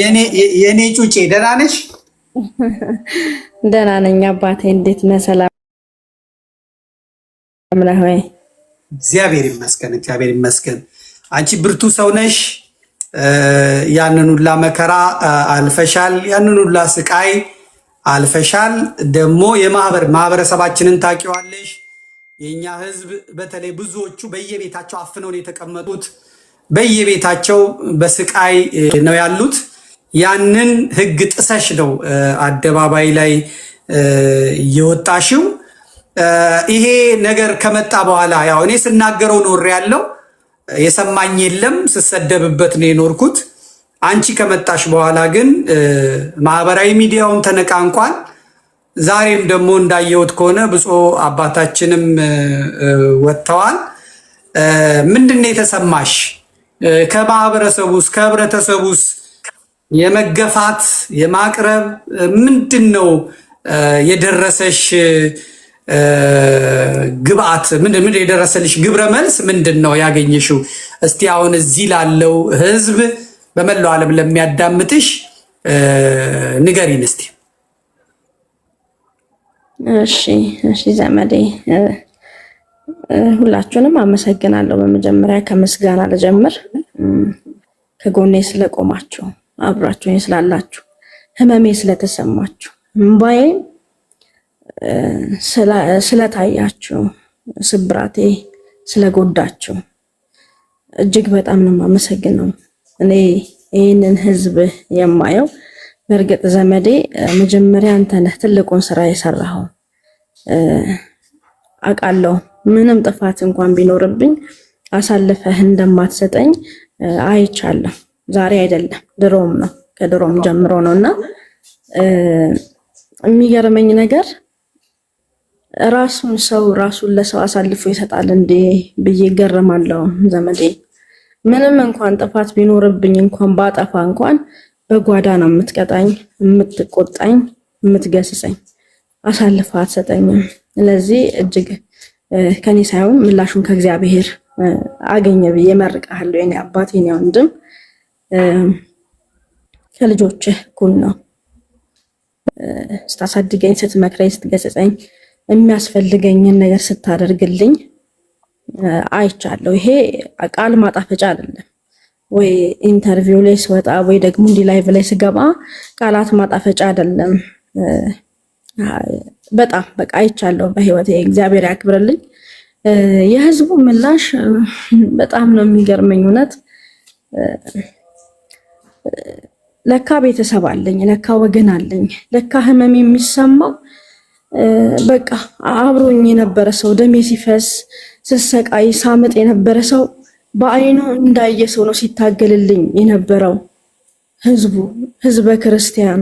የኔ ጩጬ ደህና ነሽ? ደህና ነኝ አባቴ፣ እንዴት ነህ? ሰላም ነህ ወይ? እግዚአብሔር ይመስገን፣ እግዚአብሔር ይመስገን። አንቺ ብርቱ ሰው ነሽ። ያንን ሁላ መከራ አልፈሻል፣ ያንን ሁላ ስቃይ አልፈሻል። ደግሞ የማህበር ማህበረሰባችንን ታውቂዋለሽ። የእኛ ህዝብ በተለይ ብዙዎቹ በየቤታቸው አፍነው ነው የተቀመጡት በየቤታቸው በስቃይ ነው ያሉት። ያንን ህግ ጥሰሽ ነው አደባባይ ላይ የወጣሽው። ይሄ ነገር ከመጣ በኋላ ያው እኔ ስናገረው ኖር ያለው የሰማኝ የለም፣ ስሰደብበት ነው የኖርኩት። አንቺ ከመጣሽ በኋላ ግን ማህበራዊ ሚዲያውን ተነቃንቋል። ዛሬም ደግሞ እንዳየሁት ከሆነ ብፁዕ አባታችንም ወጥተዋል። ምንድን ነው የተሰማሽ? ከማህበረሰቡ ከህብረተሰቡስ ከህብረተሰቡ የመገፋት የማቅረብ ምንድን ነው የደረሰሽ ግብአት ምንድን ምንድን የደረሰልሽ ግብረ መልስ ምንድን ነው ያገኘሽው? እስቲ አሁን እዚህ ላለው ህዝብ በመላው ዓለም ለሚያዳምጥሽ ንገሪን እስቲ። እሺ እሺ ዘመዴ ሁላችሁንም አመሰግናለሁ። በመጀመሪያ ከምስጋና ልጀምር። ከጎኔ ስለቆማችሁ፣ አብራችሁኝ ስላላችሁ፣ ህመሜ ስለተሰማችሁ፣ እምባዬ ስለታያችሁ፣ ስብራቴ ስለጎዳችሁ እጅግ በጣም ነው የማመሰግነው። እኔ ይህንን ህዝብ የማየው በእርግጥ ዘመዴ መጀመሪያ አንተ ነህ ትልቁን ስራ የሰራኸው አውቃለሁ። ምንም ጥፋት እንኳን ቢኖርብኝ አሳልፈህ እንደማትሰጠኝ አይቻለሁ። ዛሬ አይደለም ድሮም ነው፣ ከድሮም ጀምሮ ነው እና የሚገርመኝ ነገር ራሱን ሰው ራሱን ለሰው አሳልፎ ይሰጣል እንዴ ብዬ ገረማለሁ። ዘመዴ ምንም እንኳን ጥፋት ቢኖርብኝ እንኳን ባጠፋ እንኳን በጓዳ ነው የምትቀጣኝ፣ የምትቆጣኝ፣ የምትገስሰኝ አሳልፈ አትሰጠኝም። ስለዚህ እጅግ ከኔ ሳይሆን ምላሹን ከእግዚአብሔር አገኘ ብዬ መርቃለሁ። የኔ አባት የኔ ወንድም ከልጆችህ እኩል ነው። ስታሳድገኝ፣ ስትመክረኝ፣ ስትገሰጸኝ የሚያስፈልገኝን ነገር ስታደርግልኝ አይቻለሁ። ይሄ ቃል ማጣፈጫ አይደለም። ወይ ኢንተርቪው ላይ ስወጣ ወይ ደግሞ እንዲህ ላይቭ ላይ ስገባ ቃላት ማጣፈጫ አይደለም። በጣም በቃ አይቻለሁ በህይወቴ። እግዚአብሔር ያክብርልኝ። የህዝቡ ምላሽ በጣም ነው የሚገርመኝ። እውነት ለካ ቤተሰብ አለኝ፣ ለካ ወገን አለኝ፣ ለካ ህመም የሚሰማው በቃ አብሮኝ የነበረ ሰው ደሜ ሲፈስ ስሰቃይ ሳምጥ የነበረ ሰው በአይኑ እንዳየ ሰው ነው ሲታገልልኝ የነበረው ህዝቡ ህዝበ ክርስቲያኑ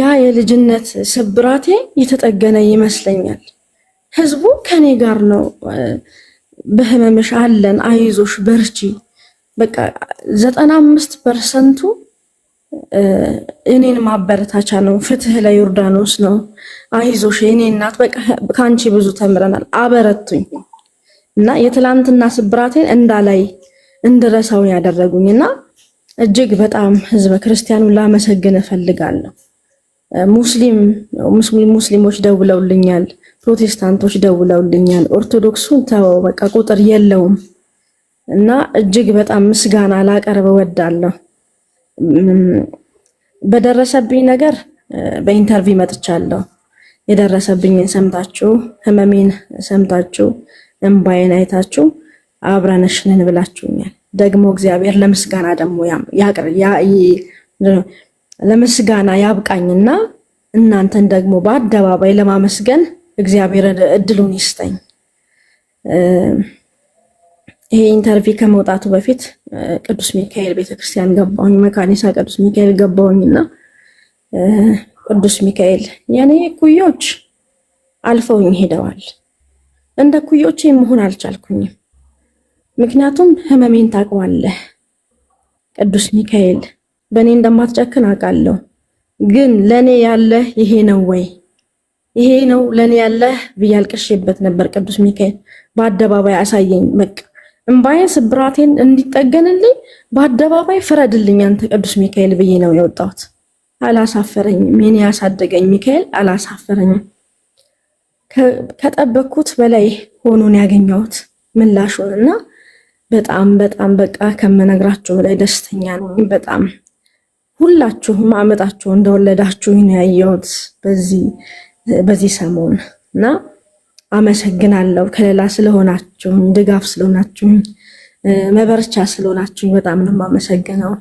ያ የልጅነት ስብራቴ የተጠገነ ይመስለኛል። ህዝቡ ከኔ ጋር ነው። በህመምሽ አለን፣ አይዞሽ፣ በርቺ። በቃ ዘጠና አምስት ፐርሰንቱ እኔን ማበረታቻ ነው። ፍትህ ለዮርዳኖስ ነው። አይዞሽ እኔ እናት፣ በቃ ከአንቺ ብዙ ተምረናል። አበረቱኝ እና የትላንትና ስብራቴን እንዳላይ እንድረሳው ያደረጉኝ እና እጅግ በጣም ህዝበ ክርስቲያኑን ላመሰግን እፈልጋለሁ። ሙስሊም ሙስሊሞች ደውለውልኛል፣ ፕሮቴስታንቶች ደውለውልኛል። ኦርቶዶክሱን ተወው በቃ ቁጥር የለውም እና እጅግ በጣም ምስጋና ላቀርብ እወዳለሁ። በደረሰብኝ ነገር በኢንተርቪው መጥቻለሁ። የደረሰብኝን ሰምታችሁ ህመሜን ሰምታችሁ እምባዬን አይታችሁ አብረነሽንን ብላችሁኛል። ደግሞ እግዚአብሔር ለምስጋና ደግሞ ለምስጋና ያብቃኝና እናንተን ደግሞ በአደባባይ ለማመስገን እግዚአብሔር እድሉን ይስጠኝ። ይሄ ኢንተርቪ ከመውጣቱ በፊት ቅዱስ ሚካኤል ቤተክርስቲያን ገባሁኝ። መካኒሳ ቅዱስ ሚካኤል ገባሁኝና ቅዱስ ሚካኤል የኔ ኩዮች አልፈውኝ ሄደዋል። እንደ ኩዮች መሆን አልቻልኩኝም። ምክንያቱም ህመሜን ታውቀዋለህ ቅዱስ ሚካኤል በእኔ እንደማትጨክን አውቃለሁ። ግን ለእኔ ያለህ ይሄ ነው ወይ? ይሄ ነው ለእኔ ያለህ ብዬ አልቅሼበት ነበር። ቅዱስ ሚካኤል በአደባባይ አሳየኝ። በቃ እምባዬ ስብራቴን እንዲጠገንልኝ በአደባባይ ፍረድልኝ አንተ ቅዱስ ሚካኤል ብዬ ነው የወጣሁት። አላሳፈረኝም። የኔ ያሳደገኝ ሚካኤል አላሳፈረኝም። ከጠበቅኩት በላይ ሆኖን ያገኘሁት ምላሹን እና በጣም በጣም በቃ ከመነግራቸው በላይ ደስተኛ ነኝ በጣም ሁላችሁም አመጣችሁ እንደወለዳችሁ ነው ያየሁት በዚህ በዚህ ሰሞን እና አመሰግናለሁ። ከሌላ ስለሆናችሁኝ፣ ድጋፍ ስለሆናችሁኝ፣ መበርቻ ስለሆናችሁኝ በጣም ነው የማመሰግነው።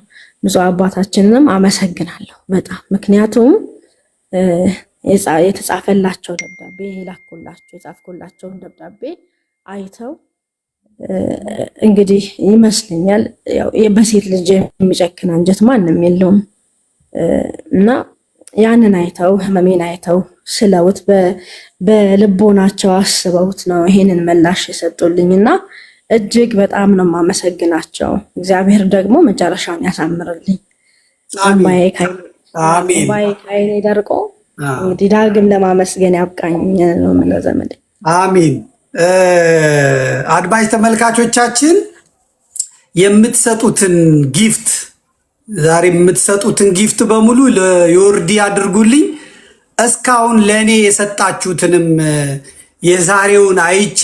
ብፁዕ አባታችንንም አመሰግናለሁ በጣም ምክንያቱም የተጻፈላቸው ደብዳቤ የላኩላቸው የጻፍኩላቸውን ደብዳቤ አይተው እንግዲህ ይመስለኛል በሴት ልጅ የሚጨክን አንጀት ማንም የለውም እና ያንን አይተው ህመሜን አይተው ስለውት በልቦናቸው አስበውት ነው ይሄንን ምላሽ የሰጡልኝ እና እጅግ በጣም ነው የማመሰግናቸው። እግዚአብሔር ደግሞ መጨረሻውን ያሳምርልኝ። ባይ ካይኔ ደርቆ እንግዲህ ዳግም ለማመስገን ያብቃኝ ነው የምለው ዘመድ አሜን። አድማጭ ተመልካቾቻችን የምትሰጡትን ጊፍት ዛሬ የምትሰጡትን ጊፍት በሙሉ ለዮርዲ አድርጉልኝ። እስካሁን ለእኔ የሰጣችሁትንም የዛሬውን አይቼ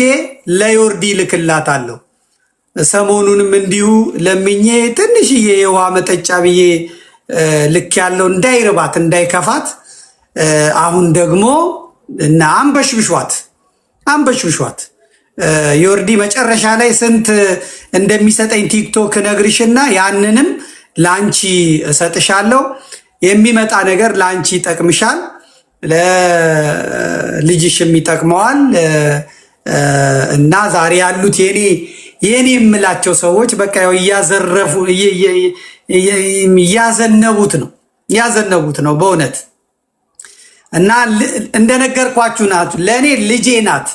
ለዮርዲ ልክላታለሁ። ሰሞኑንም እንዲሁ ለምኜ ትንሽዬ የውሃ መጠጫ ብዬ ልክ ያለው እንዳይርባት እንዳይከፋት፣ አሁን ደግሞ እና አንበሽብሿት አንበሽብሿት። ዮርዲ መጨረሻ ላይ ስንት እንደሚሰጠኝ ቲክቶክ ነግርሽና ያንንም ለአንቺ እሰጥሻለሁ። የሚመጣ ነገር ለአንቺ ይጠቅምሻል፣ ለልጅሽም ይጠቅመዋል። እና ዛሬ ያሉት የኔ የኔ የምላቸው ሰዎች በቃ እያዘረፉ እያዘነቡት ነው እያዘነቡት ነው በእውነት እና እንደነገርኳችሁ ናት፣ ለእኔ ልጄ ናት።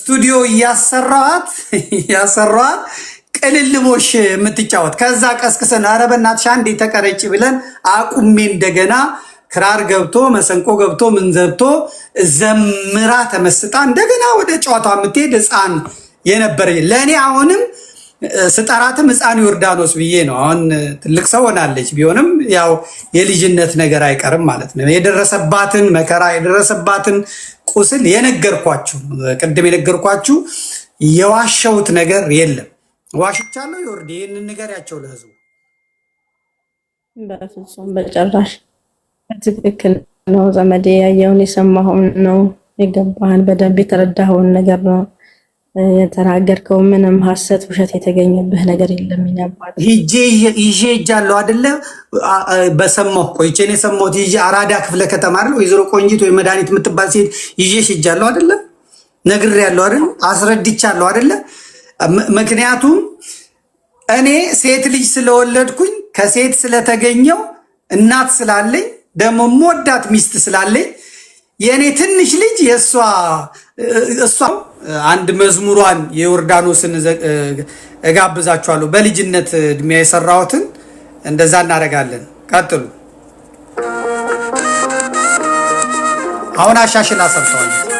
ስቱዲዮ ያሰራት እያሰራኋት ቅልልቦሽ የምትጫወት ከዛ ቀስቅሰን ኧረ በእናትሽ አንዴ ተቀረጭ ብለን አቁሜ እንደገና ክራር ገብቶ መሰንቆ ገብቶ ምን ዘብቶ ዘምራ ተመስጣ እንደገና ወደ ጨዋታ የምትሄድ ህፃን የነበረ ለእኔ አሁንም ስጠራትም ህፃን ዮርዳኖስ ብዬ ነው። አሁን ትልቅ ሰው ሆናለች። ቢሆንም ያው የልጅነት ነገር አይቀርም ማለት ነው። የደረሰባትን መከራ የደረሰባትን ቁስል የነገርኳችሁ ቅድም የነገርኳችሁ የዋሸሁት ነገር የለም። ዋሽቻለሁ። ዮርድ ይህንን ንገሪያቸው ለህዝቡ። በፍጹም በጨራሽ ትክክል ነው። ዘመዴ ያየውን የሰማሁን ነው የገባህን በደንብ የተረዳኸውን ነገር ነው የተናገርከው ምንም ሀሰት ውሸት የተገኘብህ ነገር የለም። ይነባል ይዤ እጃለሁ አደለ? በሰማሁ ቆይቼን የሰማሁት ይዤ አራዳ ክፍለ ከተማ አለ ወይዘሮ ቆንጂት ወይ መድኃኒት የምትባል ሴት ይዤ እጃለሁ አደለ? ነግር ነግሬያለሁ አደለ? አስረድቻለሁ አደለ? ምክንያቱም እኔ ሴት ልጅ ስለወለድኩኝ ከሴት ስለተገኘው እናት ስላለኝ ደግሞ የምወዳት ሚስት ስላለኝ የእኔ ትንሽ ልጅ የእሷ እሷም አንድ መዝሙሯን የዮርዳኖስን እጋብዛችኋለሁ በልጅነት እድሜ የሰራሁትን እንደዛ እናደርጋለን። ቀጥሉ። አሁን አሻሽላ ሰርተዋል።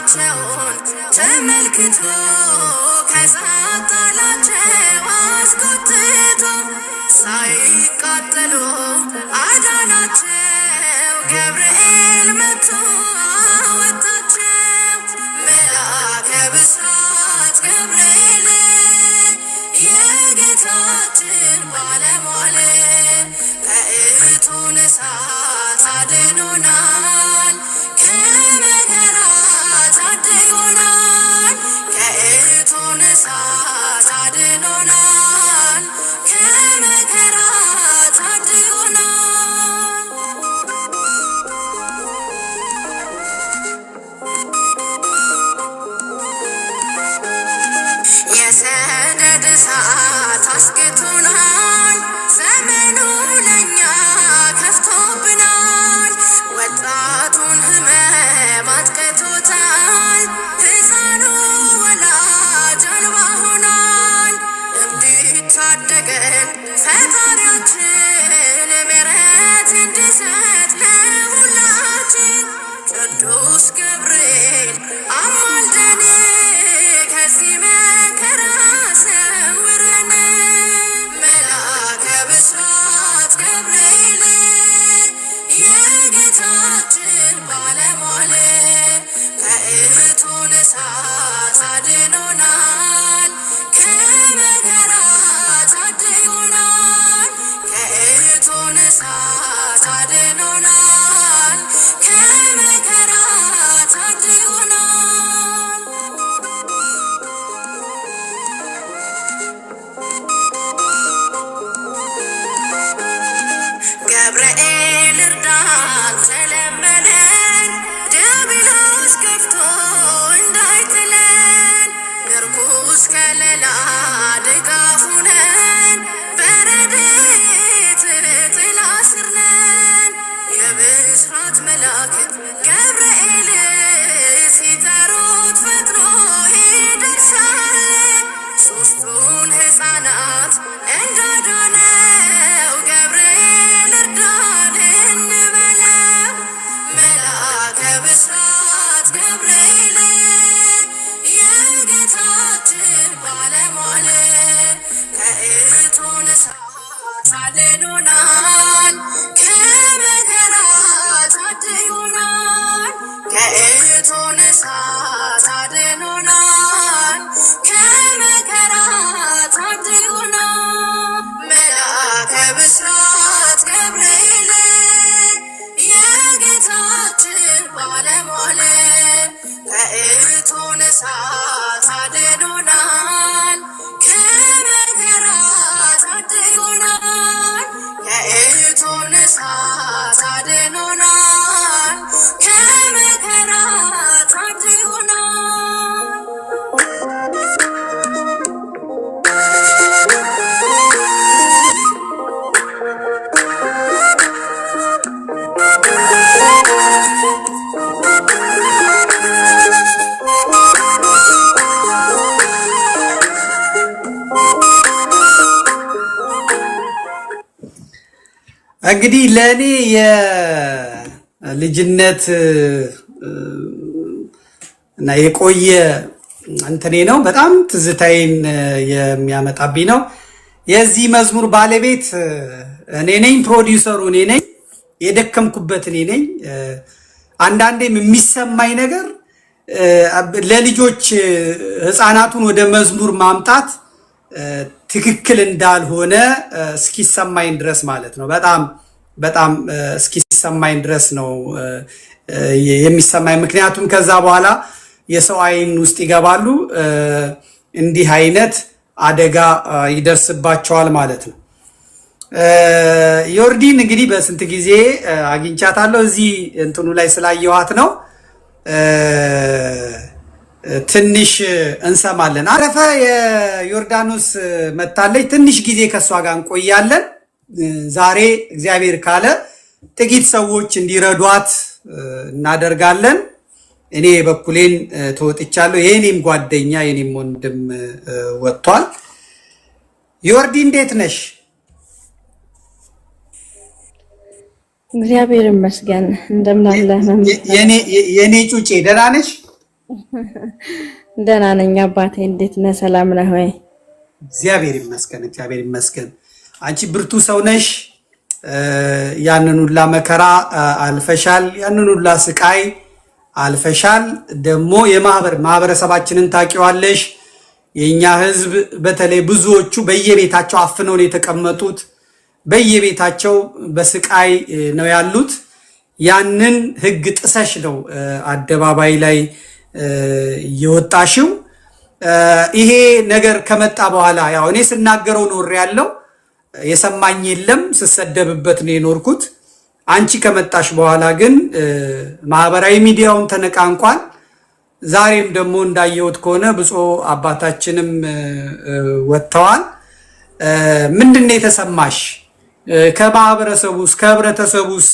ክብራቸውን ተመልክቶ ከእሳት ጣላቸው አስቆጥቶ ሳይቃጠሉ አዳናቸው ገብርኤል መቶ አወጣቸው ምዕራከ ብስራት ገብርኤል የጌታችን ባለሟል ከእቶን እሳት አድኖናል side. እንግዲህ ለእኔ የልጅነት እና የቆየ እንትኔ ነው። በጣም ትዝታዬን የሚያመጣብኝ ነው። የዚህ መዝሙር ባለቤት እኔ ነኝ፣ ፕሮዲውሰሩ እኔ ነኝ፣ የደከምኩበት እኔ ነኝ። አንዳንዴም የሚሰማኝ ነገር ለልጆች ህፃናቱን ወደ መዝሙር ማምጣት ትክክል እንዳልሆነ እስኪሰማኝ ድረስ ማለት ነው። በጣም በጣም እስኪሰማኝ ድረስ ነው የሚሰማኝ። ምክንያቱም ከዛ በኋላ የሰው አይን ውስጥ ይገባሉ፣ እንዲህ አይነት አደጋ ይደርስባቸዋል ማለት ነው። ዮርዲን እንግዲህ በስንት ጊዜ አግኝቻታለሁ። እዚህ እንትኑ ላይ ስላየኋት ነው። ትንሽ እንሰማለን። አረፈ የዮርዳኖስ መታለች። ትንሽ ጊዜ ከእሷ ጋር እንቆያለን። ዛሬ እግዚአብሔር ካለ ጥቂት ሰዎች እንዲረዷት እናደርጋለን። እኔ በኩሌን ተወጥቻለሁ። የኔም ጓደኛ የኔም ወንድም ወጥቷል። ዮርዲ እንዴት ነሽ? እግዚአብሔር ይመስገን። እንደምናለ የኔ ጩጬ፣ ደህና ነሽ? ደህና ነኝ አባቴ፣ እንዴት ነህ? ሰላም ነህ ወይ? እግዚአብሔር ይመስገን፣ እግዚአብሔር ይመስገን። አንቺ ብርቱ ሰው ነሽ። ያንን ሁላ መከራ አልፈሻል። ያንን ሁላ ስቃይ አልፈሻል። ደግሞ የማህበር ማህበረሰባችንን ታውቂዋለሽ። የእኛ ህዝብ በተለይ ብዙዎቹ በየቤታቸው አፍነው ነው የተቀመጡት። በየቤታቸው በስቃይ ነው ያሉት። ያንን ህግ ጥሰሽ ነው አደባባይ ላይ የወጣሽው ይሄ ነገር ከመጣ በኋላ ያው እኔ ስናገረው ኖር ያለው የሰማኝ የለም ስሰደብበት ነው የኖርኩት። አንቺ ከመጣሽ በኋላ ግን ማህበራዊ ሚዲያውን ተነቃንቋል። ዛሬም ደግሞ እንዳየሁት ከሆነ ብፁዕ አባታችንም ወጥተዋል። ምንድን ነው የተሰማሽ? ከማህበረሰቡስ ከህብረተሰቡስ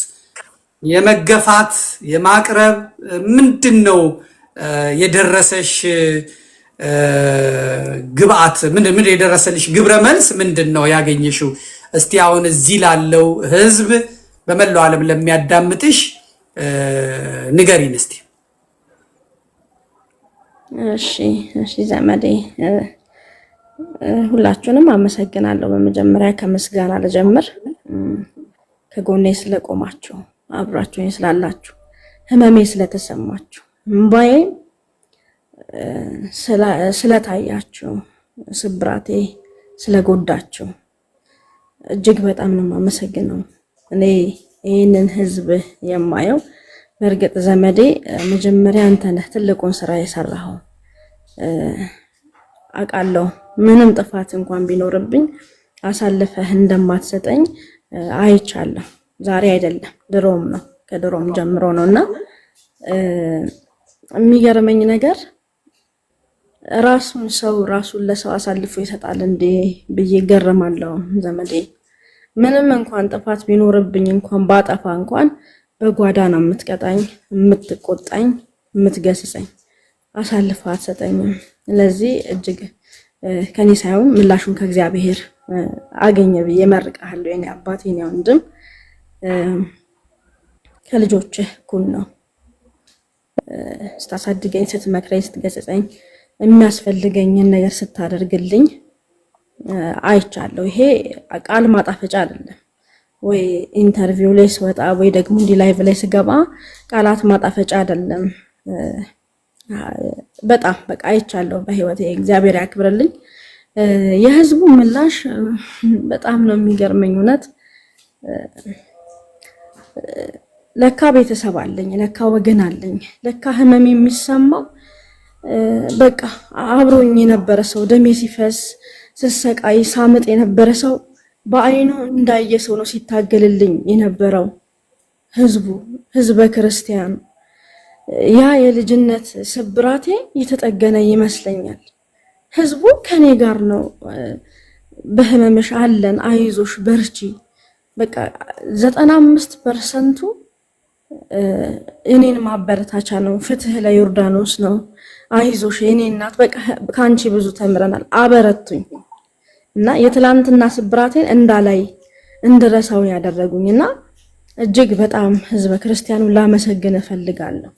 የመገፋት የማቅረብ ምንድን ነው የደረሰሽ ግብአት ምንድን ምንድን የደረሰልሽ ግብረ መልስ ምንድን ነው ያገኘሽው? እስቲ አሁን እዚህ ላለው ህዝብ በመላው ዓለም ለሚያዳምጥሽ ንገሪን እስቲ። እሺ እሺ ዘመዴ ሁላችሁንም አመሰግናለሁ። በመጀመሪያ ከምስጋና ልጀምር። ከጎኔ ስለቆማችሁ፣ አብራችሁኝ ስላላችሁ፣ ህመሜ ስለተሰማችሁ እምባዬ ስለታያችሁ፣ ስብራቴ ስለጎዳችሁ እጅግ በጣም ነው የማመሰግነው። እኔ ይህንን ህዝብ የማየው በእርግጥ ዘመዴ መጀመሪያ አንተ ነህ ትልቁን ስራ የሰራኸው አውቃለሁ። ምንም ጥፋት እንኳን ቢኖርብኝ አሳልፈህ እንደማትሰጠኝ አይቻለሁ። ዛሬ አይደለም ድሮም ነው፣ ከድሮም ጀምሮ ነው እና የሚገርመኝ ነገር ራሱን ሰው ራሱን ለሰው አሳልፎ ይሰጣል እንዴ ብዬ ገረማለሁ። ዘመዴ ምንም እንኳን ጥፋት ቢኖርብኝ እንኳን ባጠፋ እንኳን በጓዳ ነው የምትቀጣኝ፣ የምትቆጣኝ፣ የምትገስጸኝ፣ አሳልፈ አትሰጠኝም። ስለዚህ እጅግ ከኔ ሳይሆን ምላሹን ከእግዚአብሔር አገኘ ብዬ መርቀሃለሁ። የኔ አባት፣ የኔ ወንድም ከልጆችህ እኩል ነው። ስታሳድገኝ፣ ስትመክረኝ፣ ስትገሰጸኝ የሚያስፈልገኝን ነገር ስታደርግልኝ አይቻለሁ። ይሄ ቃል ማጣፈጫ አይደለም ወይ ኢንተርቪው ላይ ስወጣ ወይ ደግሞ እንዲ ላይቭ ላይ ስገባ ቃላት ማጣፈጫ አይደለም። በጣም በቃ አይቻለሁ በህይወት እግዚአብሔር ያክብርልኝ። የህዝቡ ምላሽ በጣም ነው የሚገርመኝ እውነት ለካ ቤተሰብ አለኝ፣ ለካ ወገን አለኝ፣ ለካ ህመም የሚሰማው በቃ አብሮኝ የነበረ ሰው ደሜ ሲፈስ ስሰቃይ ሳምጥ የነበረ ሰው በአይኑ እንዳየ ሰው ነው ሲታገልልኝ የነበረው ህዝቡ ህዝበ ክርስቲያኑ። ያ የልጅነት ስብራቴ የተጠገነ ይመስለኛል። ህዝቡ ከኔ ጋር ነው። በህመምሽ አለን፣ አይዞሽ፣ በርቺ። በቃ ዘጠና አምስት ፐርሰንቱ እኔን ማበረታቻ ነው። ፍትህ ለዮርዳኖስ ነው። አይዞሽ የኔ እናት፣ በቃ ከአንቺ ብዙ ተምረናል። አበረቱኝ እና የትላንትና ስብራቴን እንዳላይ እንድረሳውን ያደረጉኝ እና እጅግ በጣም ህዝበ ክርስቲያኑ ላመሰግን እፈልጋለሁ።